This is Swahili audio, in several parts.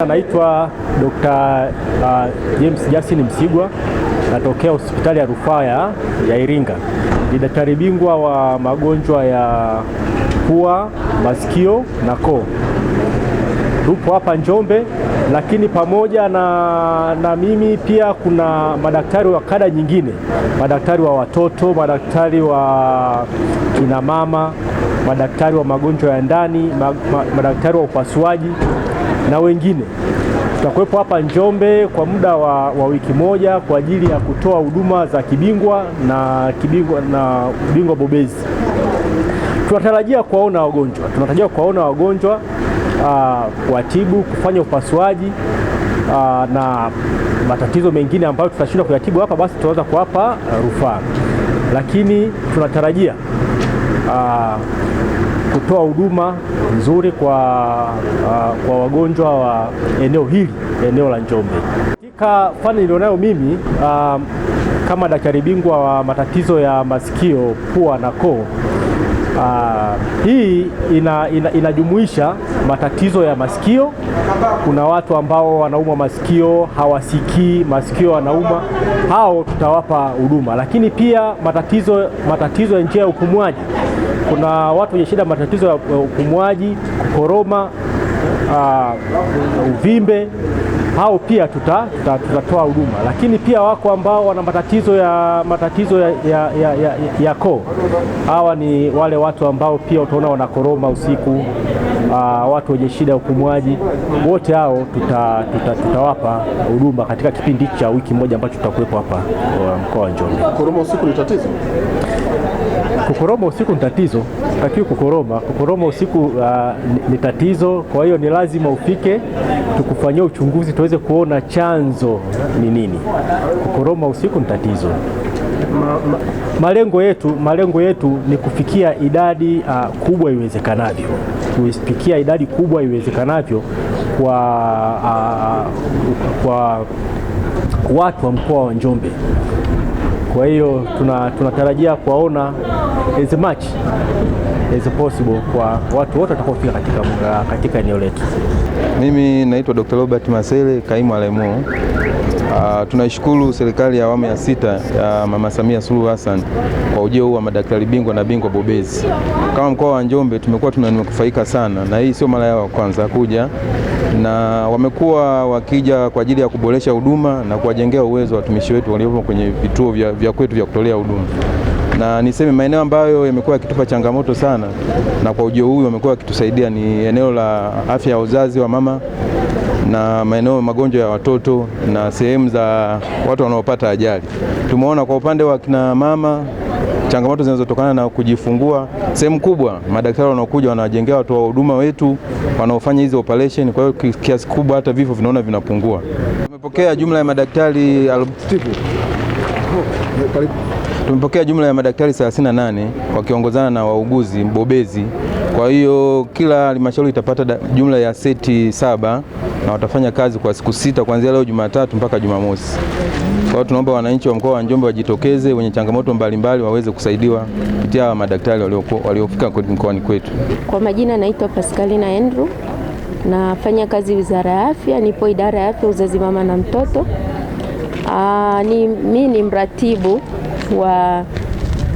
Anaitwa Dr. Uh, James Justin Msigwa, natokea hospitali ya rufaa ya Iringa. Ni daktari bingwa wa magonjwa ya pua, masikio na koo. Tupo hapa Njombe, lakini pamoja na, na mimi pia kuna madaktari wa kada nyingine, madaktari wa watoto, madaktari wa kinamama, madaktari wa magonjwa ya ndani, madaktari wa upasuaji na wengine. Tutakuwepo hapa Njombe kwa muda wa, wa wiki moja kwa ajili ya kutoa huduma za kibingwa na kibingwa na bingwa bobezi. Tunatarajia kuwaona wagonjwa, tunatarajia kuwaona wagonjwa ah, kuwatibu, kufanya upasuaji aa, ah, na matatizo mengine ambayo tutashindwa kuyatibu hapa, basi tutaweza kuwapa ah, rufaa, lakini tunatarajia aa, kutoa huduma nzuri kwa, uh, kwa wagonjwa wa eneo hili eneo la Njombe. Katika fani nilionayo mimi uh, kama daktari bingwa wa matatizo ya masikio, pua na koo uh, hii ina, ina, inajumuisha matatizo ya masikio. Kuna watu ambao wanaumwa masikio hawasikii, masikio wanauma, hao tutawapa huduma, lakini pia matatizo, matatizo ya njia ya upumuaji kuna watu wenye shida, matatizo ya upumuaji, kukoroma, uh, uvimbe hao pia tuta, tuta, tutatoa huduma, lakini pia wako ambao wana matatizo ya, matatizo ya, ya, ya, ya, ya koo. Hawa ni wale watu ambao pia utaona wanakoroma usiku, Uh, watu wenye shida ya upumuaji, wote hao tutawapa tuta, tuta huduma katika kipindi cha wiki moja ambacho tutakuwepo hapa mkoa wa Njombe. Koroma usiku ni tatizo kukoroma usiku ni tatizo, takiwi kukoroma. Kukoroma usiku uh, ni tatizo. Kwa hiyo ni lazima ufike tukufanyia uchunguzi tuweze kuona chanzo ni nini. Kukoroma usiku ni tatizo. Malengo yetu malengo yetu ni kufikia idadi uh, kubwa iwezekanavyo, kufikia idadi kubwa iwezekanavyo kwa, uh, kwa watu wa mkoa wa Njombe. Kwa hiyo tunatarajia tuna kuwaona as much as possible kwa watu wote watakaofika katika, katika eneo letu. Mimi naitwa Dr. Robert Masele, kaimu alemu. Uh, ah, tunaishukuru serikali ya awamu ya sita ya Mama Samia Suluhu Hassan kwa ujio huu wa madaktari bingwa na bingwa bobezi. Kama mkoa wa Njombe tumekuwa tunanufaika sana, na hii sio mara yao ya kwanza kuja, na wamekuwa wakija kwa ajili ya kuboresha huduma na kuwajengea uwezo wa watumishi wetu waliopo kwenye vituo vya, vya kwetu vya kutolea huduma na niseme maeneo ambayo yamekuwa yakitupa changamoto sana na kwa ujio huu wamekuwa wakitusaidia ni eneo la afya ya uzazi wa mama na maeneo magonjwa ya watoto na sehemu za watu wanaopata ajali. Tumeona kwa upande wa kina mama changamoto zinazotokana na kujifungua, sehemu kubwa madaktari wanaokuja watu wa huduma wetu wanaofanya hizi operation. Kwa hiyo kiasi kubwa hata vifo vinaona vinapungua. Tumepokea jumla ya madaktari Tumepokea jumla ya madaktari 38 wakiongozana na wauguzi mbobezi. Kwa hiyo kila halmashauri itapata jumla ya seti saba na watafanya kazi kwa siku sita kuanzia leo Jumatatu mpaka Jumamosi. Kwa hiyo tunaomba wananchi wa mkoa wa Njombe wajitokeze, wenye changamoto mbalimbali waweze kusaidiwa kupitia hawa madaktari waliofika mkoani kwetu. Kwa majina naitwa Pascalina Andrew, nafanya kazi wizara ya afya, nipo idara ya afya uzazi mama na mtoto. Aa, ni, mi ni mratibu wa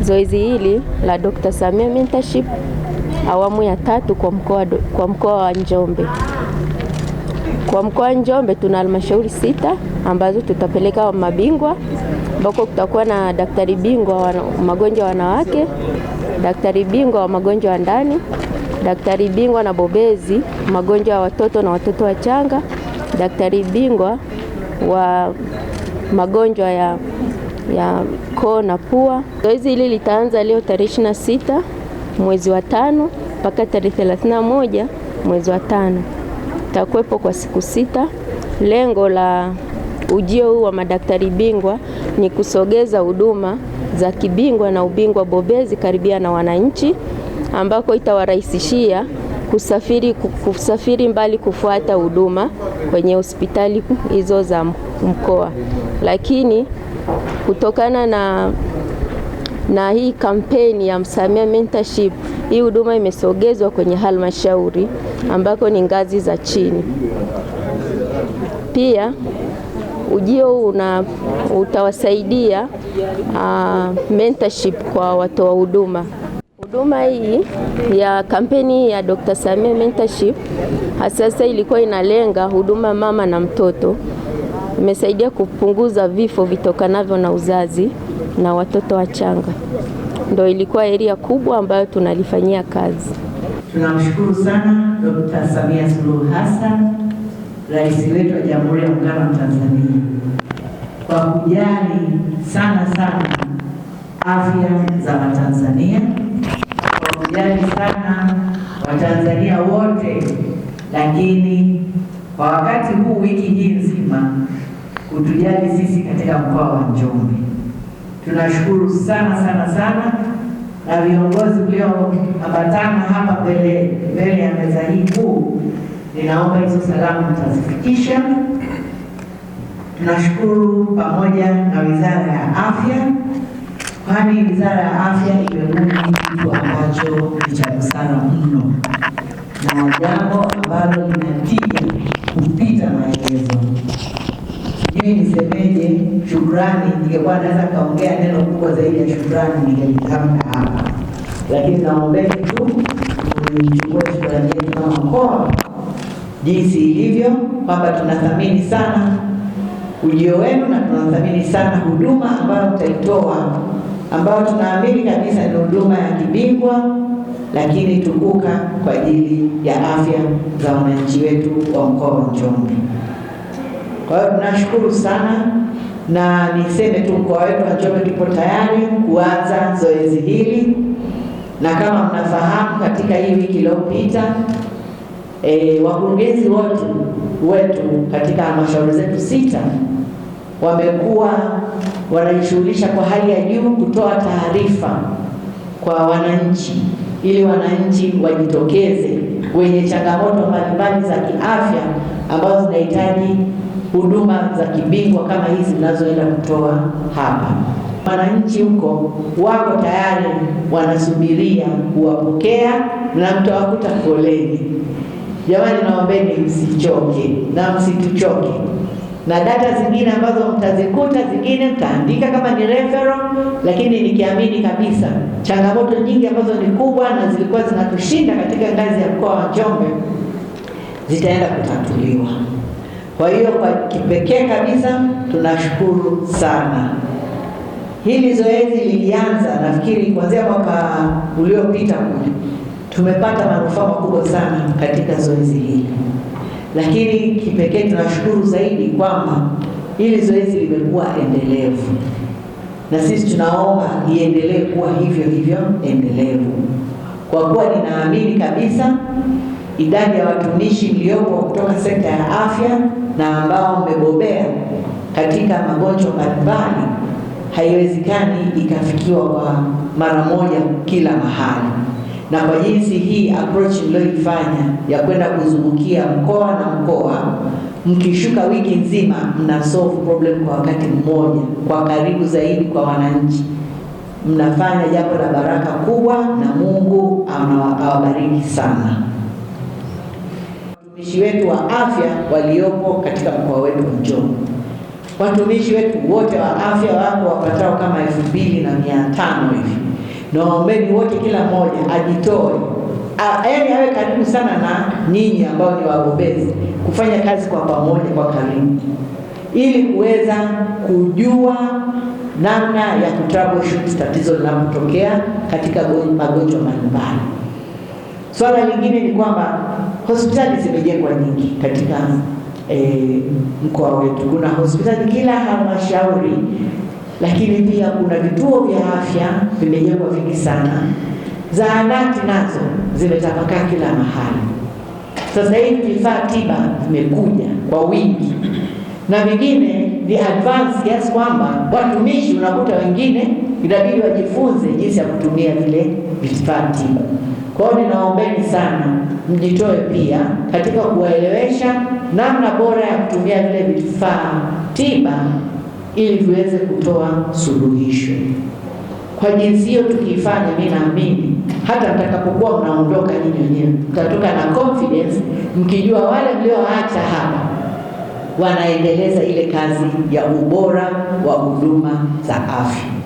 zoezi hili la Dr. Samia Mentorship awamu ya tatu kwa mkoa kwa mkoa wa Njombe. Kwa mkoa wa Njombe tuna halmashauri sita ambazo tutapeleka mabingwa ambako kutakuwa na daktari bingwa wa magonjwa wanawake, daktari bingwa wa magonjwa ya ndani, daktari bingwa na bobezi magonjwa ya watoto na watoto wachanga, daktari bingwa wa magonjwa ya ya koo na pua. Zoezi hili litaanza leo tarehe ishirini sita mwezi wa tano mpaka tarehe thelathini moja mwezi wa tano takuwepo kwa siku sita. Lengo la ujio huu wa madaktari bingwa ni kusogeza huduma za kibingwa na ubingwa bobezi karibia na wananchi, ambako itawarahisishia kusafiri, kusafiri mbali kufuata huduma kwenye hospitali hizo za mkoa, lakini kutokana na na hii kampeni ya Msamia Mentorship, hii huduma imesogezwa kwenye halmashauri ambako ni ngazi za chini. Pia ujio huu una utawasaidia uh, mentorship kwa watoa huduma. Huduma hii ya kampeni ya Dr. Samia Mentorship hasasa ilikuwa inalenga huduma mama na mtoto, imesaidia kupunguza vifo vitokanavyo na uzazi na watoto wachanga. Ndio ilikuwa eria kubwa ambayo tunalifanyia kazi. Tunamshukuru sana Dr. Samia Suluhu Hassan, rais wetu wa Jamhuri ya Muungano wa Tanzania kwa kujali sana sana afya za Watanzania jali sana Watanzania wote, lakini kwa wakati huu wiki hii nzima kutujali sisi katika mkoa wa Njombe. Tunashukuru sana sana sana, na viongozi mlioambatana hapa mbele mbele ya meza hii kuu, ninaomba hizo salamu mtazifikisha. Tunashukuru pamoja na Wizara ya Afya kwani Wizara ya Afya imebuni kitu ambacho ni cha busara mno na jambo ambalo linatija kupita maelezo. Sijui nisemeje shukrani. Ningekuwa naweza kaongea neno kubwa zaidi ya shukrani ningelitamka hapa, lakini naombeni tu nichukue shukrani yetu kama mkoa jinsi ilivyo kwamba tunathamini sana ujio wenu na tunathamini sana huduma ambayo mtaitoa ambao tunaamini kabisa ni huduma ya kibingwa lakini tukuka kwa ajili ya afya za wananchi wetu wa mkoa wa Njombe. Kwa hiyo tunashukuru sana, na niseme tu mkoa wetu wa Njombe tupo tayari kuanza zoezi hili, na kama mnafahamu, katika hii wiki iliyopita e, wakurugenzi wote wetu katika halmashauri zetu sita wamekuwa wanajishughulisha kwa hali ya juu kutoa taarifa kwa wananchi ili wananchi wajitokeze wenye changamoto mbalimbali za kiafya ambazo zinahitaji huduma za kibingwa kama hizi zinazoenda kutoa hapa. Wananchi huko wako tayari, wanasubiria kuwapokea na mtawakuta foleni. Jamani, naombeni msichoke na msituchoke na data zingine ambazo mtazikuta, zingine mtaandika kama ni referral, lakini nikiamini kabisa changamoto nyingi ambazo ni kubwa na zilikuwa zinatushinda katika ngazi ya mkoa wa Njombe zitaenda kutatuliwa. Kwa hiyo kwa kipekee kabisa tunashukuru sana. Hili zoezi lilianza nafikiri kuanzia mwaka uliopita, tumepata manufaa makubwa sana katika zoezi hili. Lakini kipekee tunashukuru zaidi kwamba hili zoezi limekuwa endelevu, na sisi tunaomba iendelee kuwa hivyo hivyo endelevu, kwa kuwa ninaamini kabisa idadi ya watumishi mliopo kutoka sekta ya afya na ambao mmebobea katika magonjwa mbalimbali haiwezekani ikafikiwa kwa mara moja kila mahali na kwa jinsi hii approach mlioifanya ya kwenda kuzungukia mkoa na mkoa, mkishuka wiki nzima, mna solve problem kwa wakati mmoja, kwa karibu zaidi kwa wananchi, mnafanya jambo la baraka kubwa, na Mungu awabariki sana. Watumishi wetu wa afya waliopo katika mkoa wetu wa Njombe, watumishi wetu wote wa afya wako wapatao kama elfu mbili na mia tano hivi Naombeni wote, kila mmoja ajitoe, yaani awe karibu sana na nyinyi ambao ni wagombezi, kufanya kazi kwa pamoja, kwa karibu, ili kuweza kujua namna ya kutroubleshoot tatizo linapotokea katika magonjwa mbalimbali. Swala lingine ni kwamba hospitali zimejengwa nyingi katika e, mkoa wetu. Kuna hospitali kila halmashauri lakini pia kuna vituo vya afya vimejengwa vingi sana, zahanati nazo zimetapakaa kila mahali. Sasa hivi vifaa tiba vimekuja kwa wingi na vingine ni advance kiasi kwamba watumishi unakuta wengine inabidi wajifunze jinsi ya kutumia vile vifaa tiba. Kwa hiyo ninaombeni sana mjitoe pia katika kuwaelewesha namna bora ya kutumia vile vifaa tiba ili tuweze kutoa suluhisho. Kwa jinsi hiyo tukifanya mimi naamini hata mtakapokuwa mnaondoka nyinyi wenyewe mtatoka na confidence, mkijua wale mlioacha hapa wanaendeleza ile kazi ya ubora wa huduma za afya.